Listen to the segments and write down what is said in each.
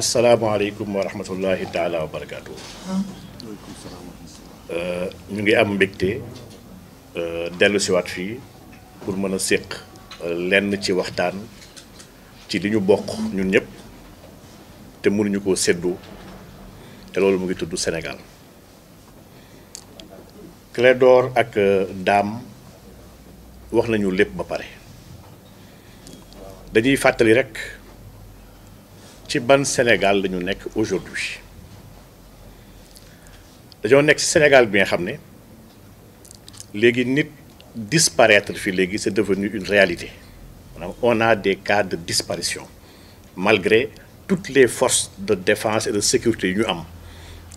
asalaamaaleykum wa rahmatullahi taala wa barakaatu. ñu ngi am mbégte euh, dellu siwaat fii pour mën a séq euh, lenn ci waxtaan ci li ñu bokk ñun ñëpp te mënuñu koo séddu te loolu mu ngi tudd Sénégal Clédor ak euh, daam wax nañu lépp ba pare dañuy fàttali rek. ci ban Sénégal la ñu nekk aujourd'hui dañoo nekk ci Sénégal bi nga xam ne léegi nit disparaître fii léegi c'est devenu une réalité maanaam on a des cas de disparition malgré toutes les forces de défense et de sécurité yu ñu am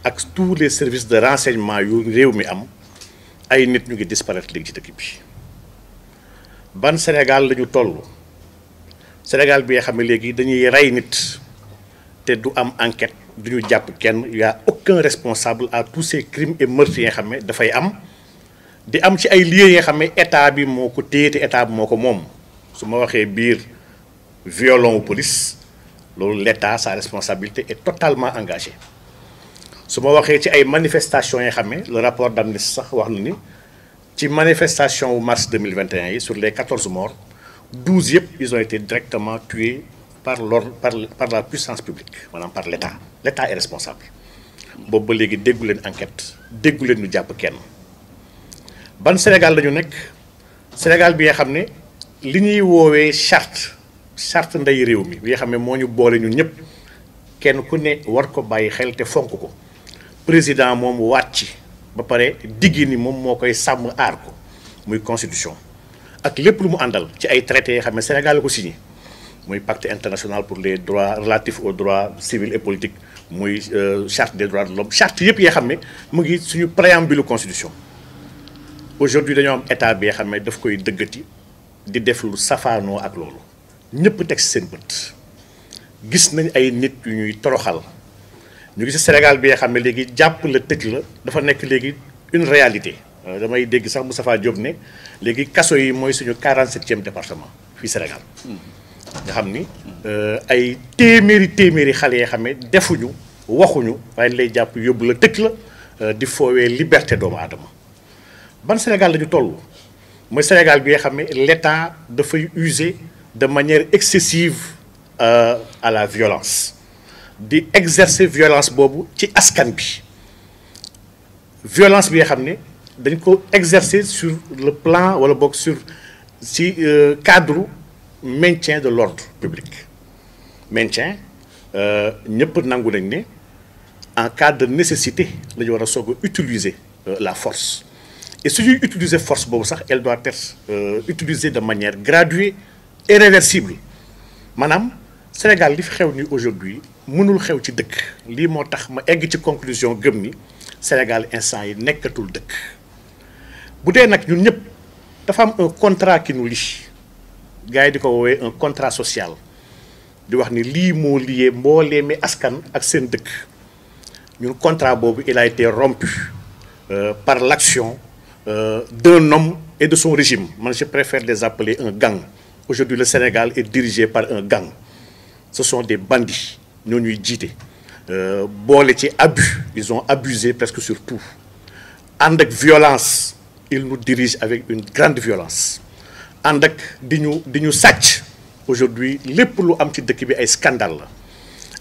ak tous les services de renseignement yu réew mi am ay nit ñu ngi disparaître léegi ci dëkk bi ban Sénégal la ñu toll Sénégal bi nga xam ne léegi dañuy rey nit te du am enquête du jàpp kenn y a aucun responsable à tous ces crimes et meurtres yi nga xam ne dafay am di am ci ay lieux yi xam ne état bi moo ko téye état bi moo ko moom su ma waxee biir violon police loolu l'état sa responsabilité est totalement engagé su ma waxee ci ay manifestation yi nga xam ne le rapport d'Amnesty sax wax na ni ci manifestation wu mars 2021 yi sur les 14 morts 12 yëpp ils ont été directement tués par l'ordre par par la puissance publique maanaam par l' état l' état est responsable boobu ba léegi déggu leen enquête déggu leen ñu jàpp kenn ban Sénégal lañu nekk Sénégal bi nga xam ne li ñuy woowee charte charte ndey réew mi bi nga xam ne moo ñu boole ñun ñëpp kenn ku ne war ko bàyyi xel te fonk ko président moom waat ci ba pare diggi ni moom moo koy sàmm aar ko muy constitution ak lépp lu mu àndal ci ay traité yoo xam ne Sénégal la ko signé. muy pacte international pour les droits relatifs aux droits civils et politiques muy euh, charte des droits de l'homme charte yëpp yi xam ne mu ngi suñu préambule constitution aujourd'hui dañoo am état bi xam ne daf koy dëggati di def lu safaanoo ak loolu ñëpp teg si seen bët gis nañ ay nit yu ñuy toroxal ñu gis Sénégal bi xam ne léegi jàpp la tëj la dafa nekk léegi une réalité euh, damay dégg sax Moustapha Diop ne léegi kaso yi mooy suñu 47e département fii Sénégal hmm. nga xam ni euh, ay téeméeri téeméeri xale yoo xam ne defuñu waxuñu waaye lay jàpp yóbbu la tëkk la euh, di foowee liberté doomu aadama ban Sénégal la ñu toll mooy Sénégal bi nga xam ne l'État dafay user de manière excessive euh, à la violence di exercer violence boobu ci askan bi violence bi nga xam ne dañ ko exercer sur le plan wala boog sur ci cadre maintien de l'ordre public maintien euh, ñëpp nangu nañ ne en cas de nécessité la ñu war a soog a utiliser euh, la force et su ñuy utiliser force boobu sax elle doit être euh, utilisée de manière graduée et réversible maanaam Sénégal li fi xew ni aujourd'hui mënul xew ci dëkk lii moo tax ma egg ci conclusion gëm ni Sénégal instant yi nekkatul dëkk bu dee nag ñun ñëpp dafa am un contrat qui nous lie gars yi di ko woowee un contrat social di wax ni lii moo lié mbooleemi askan ak seen dëkk ñun contrat boobu il a été rompu euh, par l'action euh, d'un nom et de son régime man je préfère les appeler un gang aujourd'hui le Sénégal est dirigé par un gang ce sont des bandits ñoo ñuy jiite euh, boole ci abus ils ont abusé presque sur tout ànd ak violence ils nous dirigent avec une grande violence ànd ak di ñu di ñu sàcc aujourd'hui lépp lu am ci dëkk bi ay scandale la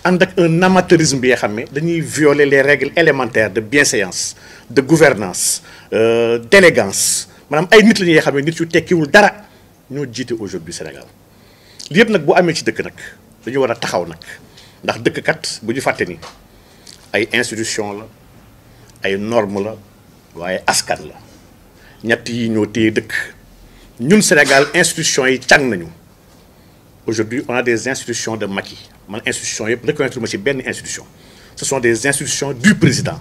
ànd ak un amateurisme bi nga xam ne dañuy violer les règles élémentaires de bienséance de gouvernance euh, d'élégance maanaam ay nit la ñuy xam ne nit yu tekkiwul dara ñoo jiite aujourd'hui Sénégal li yëpp nag bu amee ci dëkk nag dañu war a taxaw nag ndax dëkk kat bu ñu fàtte ni ay institution la ay norme la waaye askan la ñett yi ñoo téye dëkk ñun Sénégal institution yi càng nañu aujourd'hui on a des institutions de Macky man institution yëpp reconnaître ma ci benn institution ce sont des institutions du président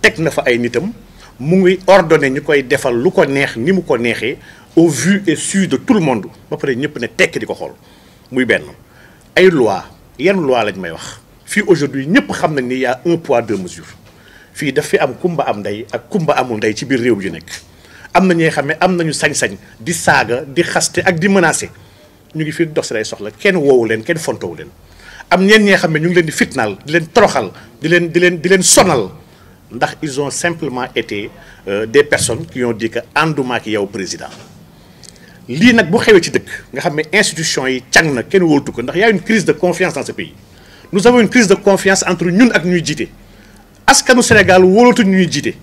teg na fa ay nitam mu ngi ordonné ñu koy defal lu ko neex ni mu ko neexee au vu et su de tout le monde ba pare ñëpp ne tekk di ko xool muy benn ay loi yan loi lañ may wax fii aujourd'hui ñëpp xam nañ ni y a un poids deux mesures fii daf fi am kumba am ndey ak kumba amul ndey ci biir réew yu nekk am na ñi xam ne am nañu sañ-sañ di saaga di xaste ak di menacer ñu ngi fii dox si lay soxla kenn woowu leen kenn fontowu leen am ñeen ñee xam ne ñu ngi leen di fitnaal di leen toroxal di leen di leen di leen sonal ndax ils ont simplement été euh, des personnes qui ont dit que ànduma ak président lii nag bu xewee ci dëkk nga xam ne institution yi càng na kenn wóoltu ko ndax y a une crise de confiance dans ce pays de confiance entre ñun ak ñuy jiite askanu Sénégal wóolatuñ ñuy jiite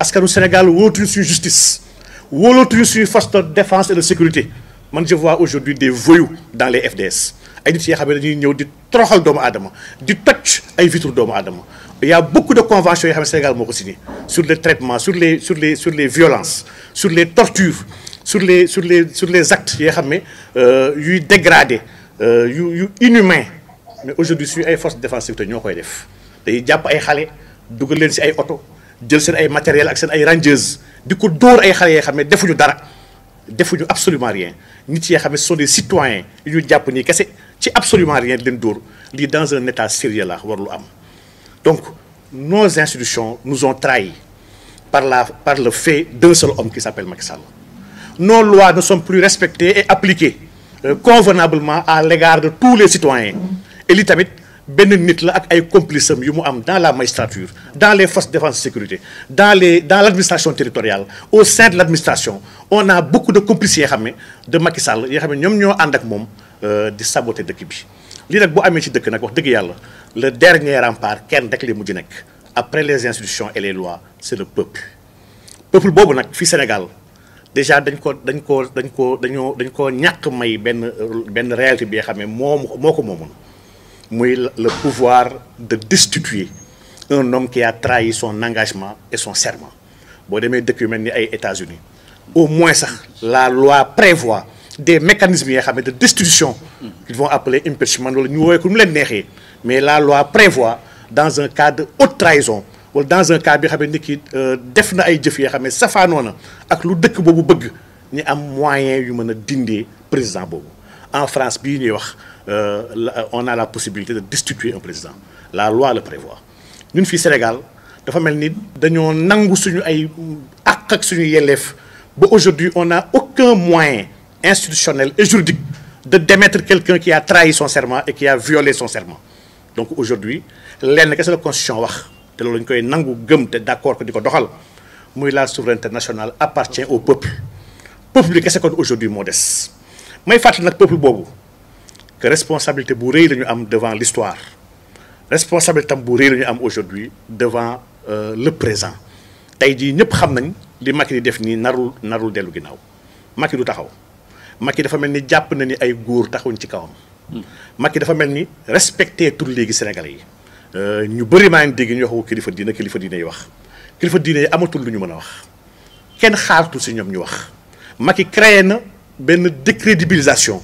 askanu Sénégal wóolatuñu suñu justice wóolatuñu suñu force de défense et de sécurité man je vois aujourd'hui des voyous dans les FDS ay nit yoo xam ne dañuy ñëw di toroxal doomu aadama di toj ay vitre doomu aadama il y a beaucoup de conventions yoo xam ne Sénégal moo ko signé sur les traitements sur les sur les sur les violences sur les tortures sur les sur les sur les actes yoo xam ne euh, yuy dégradé euh, yu yu inhumain mais aujourd'hui suñu ay forces de défense sécurité ñoo koy def dañuy jàpp ay xale dugal leen si ay oto jël seen ay matériel ak seen ay rangeuses di ko dóor ay xale yoo xam ne defuñu dara defuñu absolument rien nit yoo xam ne sont des citoyens yu ñu jàpp nii kese ci absolument rien di leen dóor lii dans un état sérieux la war lu am donc nos institutions nous ont trahis par la par le fait d'un seul homme qui s'appelle Macky Sall nos lois ne sont plus respectées et appliquées euh, convenablement à l'égard de tous les citoyens et lii tamit benn nit la ak ay complices am yu mu am dans la magistrature dans les forces de sécurité dans les dans l' administration territoriale au sein de l' on a beaucoup de complices yoo xam ne de Macky Sall yoo xam ne ñoom ñoo ànd ak moom euh, di saboter dëkk bi. lii nag bu amee ci dëkk nag wax dëgg yàlla le dernier rempart kenn rek li mujj nekk après les institutions et les lois c' le peuple peuple boobu nag fii Sénégal. déjà dañ ko dañ ko dañ ko dañoo dañ ko ñàkk may benn benn réalité bi nga xam ne moom moo ko moomoon muy le pouvoir de destituer un homme qui a trahi son engagement et son serment boo demee dëkk yu mel ni ay États-Unis au moins sax la loi prévoit des mécanismes yoo xam ne de destitution qu'ils vont appeler impeachment wala ñu woowee ko mu leen neexee mais la loi prévoit dans un cas de haute trahison wala dans un cas bi xam ne nit ki euh, def na ay jëf yoo xam ne safaanoo na ak lu dëkk boobu bëgg ñu am moyen yu mën a dindee président boobu en France bii ñuy wax euh, on a la possibilité de destituer un président la loi le prévoit ñun fii Sénégal dafa mel ni dañoo nangu suñu ay àq ak suñu yelleef ba aujourd'hui on n'a aucun moyen institutionnel et juridique de démettre quelqu'un qui a trahi son serment et qui a violé son serment donc aujourd'hui lenn kese la constitution wax te loolu ñu koy nangu gëm te d'accord ko di ko doxal muy la souveraineté nationale appartient au peuple peuple bi kese kon aujourd'hui moo des may fàttali nag peuple boobu que responsabilité bu réy la ñu am devant l'histoire responsabilité tam bu rëy la ñu am aujourd'hui devant euh, le présent tey jii ñëpp xam nañ li Macky di def nii narul narul dellu ginnaaw Macky du taxaw Macky dafa mel ni jàpp na ni ay góor taxawuñ ci kawam. Hmm. Macky dafa mel ni respecté tur léegi sénégal yi. Euh, ñu bëri maa ngi dégg ñu waxu kilifa diine kilifa diine yi wax kilifa diine yi amatul lu ñu mën a wax kenn xaaratul si ñoom ñu wax Macky créé na benn décrédibilisation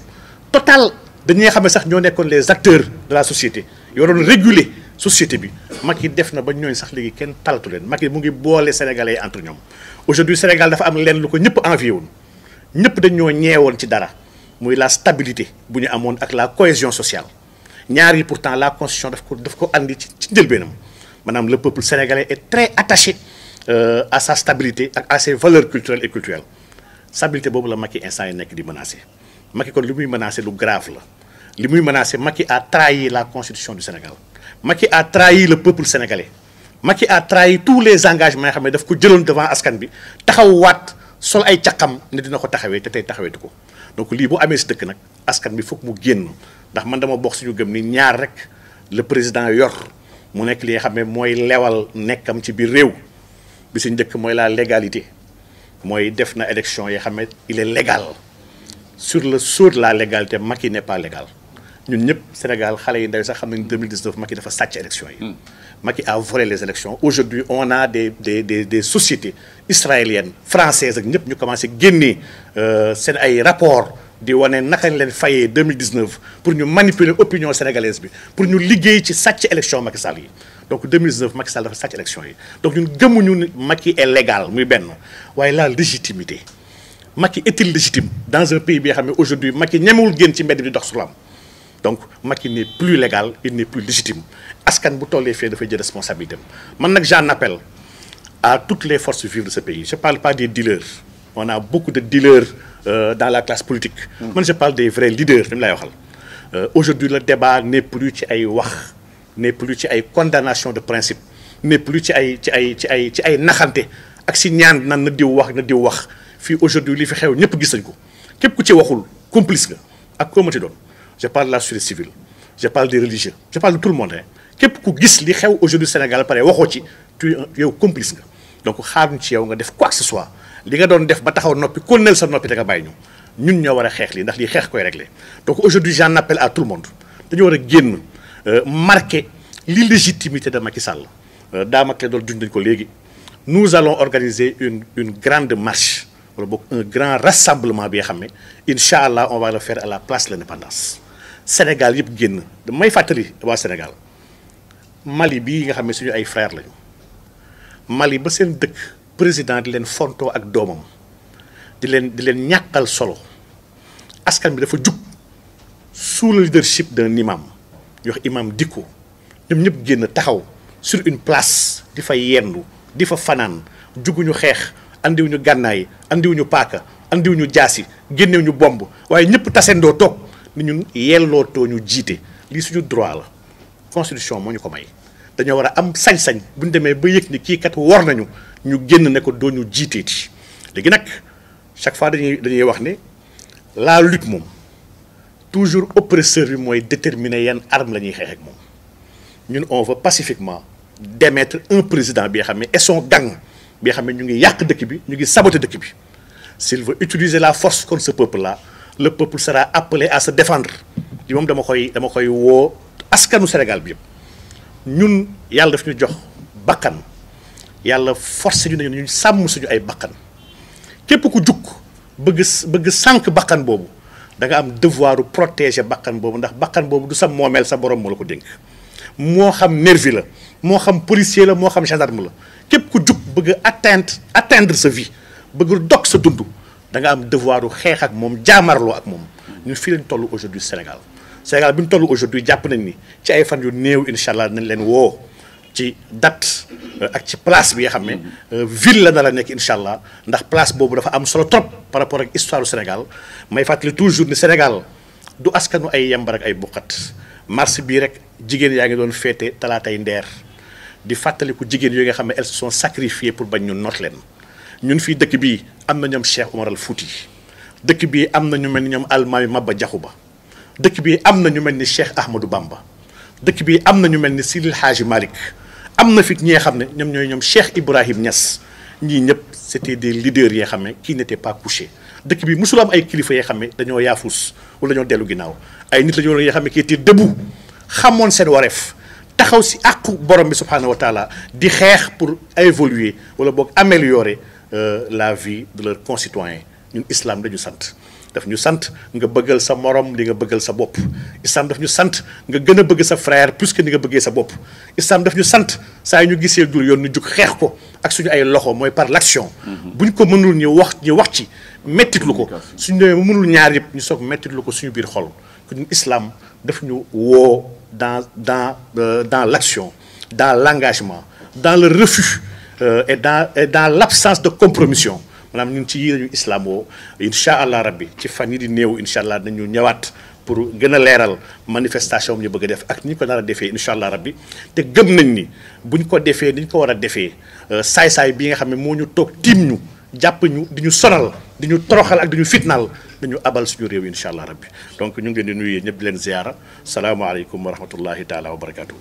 totale. dañu nga xam ne sax ñoo nekkoon les acteurs de la société yoroon réguler société bi mag yi def na ba ñooñ sax léegi kenn talatu leen mag yi mu ngi boole sénégalais entre ñoom aujourd'hui Sénégal dafa am leen lu ko ñëpp envié woon ñëpp dañoo ñeewoon ci dara muy la stabilité bu ñu amoon ak la cohésion sociale ñaar yi pourtant la constitution daf ko daf ko andi ci ci njëlbeenam maanaam le peuple sénégalais et très attaché euh, à sa stabilité ak à ses valeurs culturelles et culturelles stabilité boobu la yi instant yi nekk di menacé Macky kon li muy menacé lu grave la li muy menacé Macky a trahi la constitution du Sénégal Macky a trahi le peuple sénégalais Macky a trahi tous les engagements yoo xam ne daf ko jëloon devant askan bi taxawaat sol ay caqam ne dina ko taxawee te tey taxaweetu ko donc lii bu amee si dëkk nag askan bi foog mu génn ndax man dama bokk suñu gëm ni ñaar rek le président yor mu nekk li nga xam ne mooy lewal nekkam ci biir réew bi suñ njëkk mooy la légalité mooy def na élection yoo xam ne il est sur le sceau la légalité Macky n'est ñun ñëpp Sénégal xale yi ndaw sax xam nañu 2019 Macky dafa sàcc élection yi. Hmm. Macky a volé les élections aujourd'hui on a de des des des sociétés israéliennes ak ñëpp ñu commencé génnee euh, seen ay rapports di wane naka leen fayee 2019 pour ñu manipuler opinion sénégalaise bi pour ñu liggéey ci sàcc élection Macky Sall yi. donc 2019 Macky Sall dafa sàcc élection yi donc ñun gëmuñu ne Macky est légal muy benn waaye la légitimité Macky est-il légitime dans un pays bi xam ne aujourd'hui Macky ñemewul génn ci mbedd bi dox sulam donc Macky n'est plus légal il n'est plus légitime askan bu tollee fee dafay jël responsabilité man nag j'en appelle à toutes les forces vives de ce pays je parle pas des dealers on a beaucoup de dealers euh, dans la classe politique mm. man je parle des vrais leaders li mu lay waxal euh, aujourd'hui le débat n'est plus ci ay wax n'est plus ci ay condamnation de principe n'est plus ci ay ci ay ci ay ci ay naxante ak si ñaan nan na diw wax na diw wax fii aujourd'hui li fi xew ñëpp gis nañ ko képp ku ci waxul complice nga ak koo mënti je parle de la société civile je parle des religieux je parle de tout le monde képp ku gis li xew aujourd'hui Sénégal pare waxoo ci tu yow complice nga donc xaaruñ ci yow nga def quoi que ce soit li nga doon def ba taxaw noppi ko nel sa noppi te nga bàyyi ñu ñun ñoo war a xeex lii ndax lii xeex koy régler donc aujourd'hui j'en appelle à tout le monde dañu war a génn euh, marquer l'illégitimité de Macky Sall euh, daama clé dool juñ dañ ko léegi nous allons organiser une une grande marche wala boog un grand bi nga xam ne incha allah on va le faire à la place Sénégal yëpp génn may fàttali waa Sénégal Mali bi nga xam ne suñu ay frères lañu Mali ba seen dëkk président di leen fontoo ak doomam di leen di leen ñàkkal solo askan bi dafa jug sous le leadership d'un imam ñu wax imam Dicko ñoom ñëpp génn taxaw sur une place di fa yendu di fa fanaan juguñu xeex andiwuñu gànnaay andiwuñu paaka andiwuñu jaasi génnewuñu bomb waaye ñëpp tasendoo toog ni ñun yellootoo ñu jiite lii suñu droit la constitution moo ñu ko may dañoo war a am sañ-sañ bu ñu demee ba yëg ni kii kat war nañu ñu génn ne ko doo ñu ti léegi nag chaque fois dañuy dañuy wax ne la lutte moom toujours oppresseur bi mooy déterminer yan arme la ñuy xeex moom ñun on veut pacifiquement démettre un président bi nga xam ne et son gang bi nga xam ne ñu ngi yàq dëkk bi ñu ngi saboter dëkk bi s'il veut utiliser la force contre ce peuple là le peuple sera appelé à se défendre di moom dama koy dama koy woo askanu Sénégal bi yëpp ñun yàlla daf ñu jox bakkan yàlla forcé ñu ne ñu sàmm suñu ay bakkan képp ku jukk bëgg bëgg sànq bakkan boobu da nga am devoiru protéger bakkan boobu ndax bakkan boobu du sa moomeel sa borom moo la ko dénk moo xam nervi la moo xam policier la moo xam gendarme la képp ku jug bëgg atteindre atteindre sa vie bëgg dog sa dund da nga am devoiru xeex ak moom jaamarloo ak moom ñun fii leen toll aujourd'hui Sénégal Sénégal bi ñu toll aujourd'hui jàpp nañ ni ci ay fan yu néew incha allah nañ leen woo ci dat euh, ak ci place bi nga xam ne euh, ville la na la nekk incha allah ndax place boobu dafa am solo trop par rapport ak histoire du Sénégal may fàttali toujours ni Sénégal du askanu ay yambar ak ay buqat mars bii rek jigéen yaa ngi doon féete talaatay ndeer di fàttaliku jigéen yooyu nga xam ne elles sont pour bañ ñu noot leen ñun fii dëkk bii am na ñoom Cheikh Omar al Fouti dëkk bii am na ñu mel ni ñoom almaami Maba Jaxu Ba dëkk bii am na ñu mel ni Cheikh Ahmadou ba dëkk bii am na ñu mel ni si Sidil Hadji Malick am na fit ñee xam ne ñoom ñooy ñoom Cheikh Ibrahim ñas ñii ñëpp c'était des leaders yoo xam ne kii n'étaient pas couchés dëkk bi musul am ay kilifa yoo xam ne dañoo yaafus wala dañoo dellu ginnaaw ay nit la ñu yoo xam ne qui étaient debout xamoon seen wareef taxaw si àqu borom bi subhanahu wa taala di xeex pour évoluer wala boog améliorer Euh, la vie de leurs concitoyens ñun islaam dañu sant daf ñu sant nga bëggal sa morom li nga bëggal sa bopp islam daf ñu sant nga gën a bëgg sa frair plus que ni nga bëggee sa bopp islam daf ñu sant saa yu ñu gisee dul yoon ñu jug xeex ko ak suñu ay loxo mooy par l'action mhm. ñu ko mënul ñu wax ñu wax ci mettitlu ko suñu demee mënul ñaar yëpp ñu soog mettitlu ko suñu biir xol ñun islaam daf ñu woo dans dans euh, dans l'action dans l'engagement dans le refus et euh, dans et dans l'absence de compromission maanaam ñun ci yii lañu islamo incha allah rabbi ci fan yi di néew incha allah nañu ñëwaat pour gën a leeral manifestation bi ñu bëgg a def ak ni ñu ko nar a defee incha allah rabbi te gëm nañ ni bu ko defee ni ko war a defee euh, saay-saay bi nga xam ne moo ñu toog tiim ñu jàpp ñu di ñu sonal di ñu toroxal ak di ñu fitnaal dañu abal suñu réew incha allah rabbi donc ñu ngi leen di nuyee ñëpp leen ziyaara salaamaaleykum wa rahmatullahi taala wa barakaatu.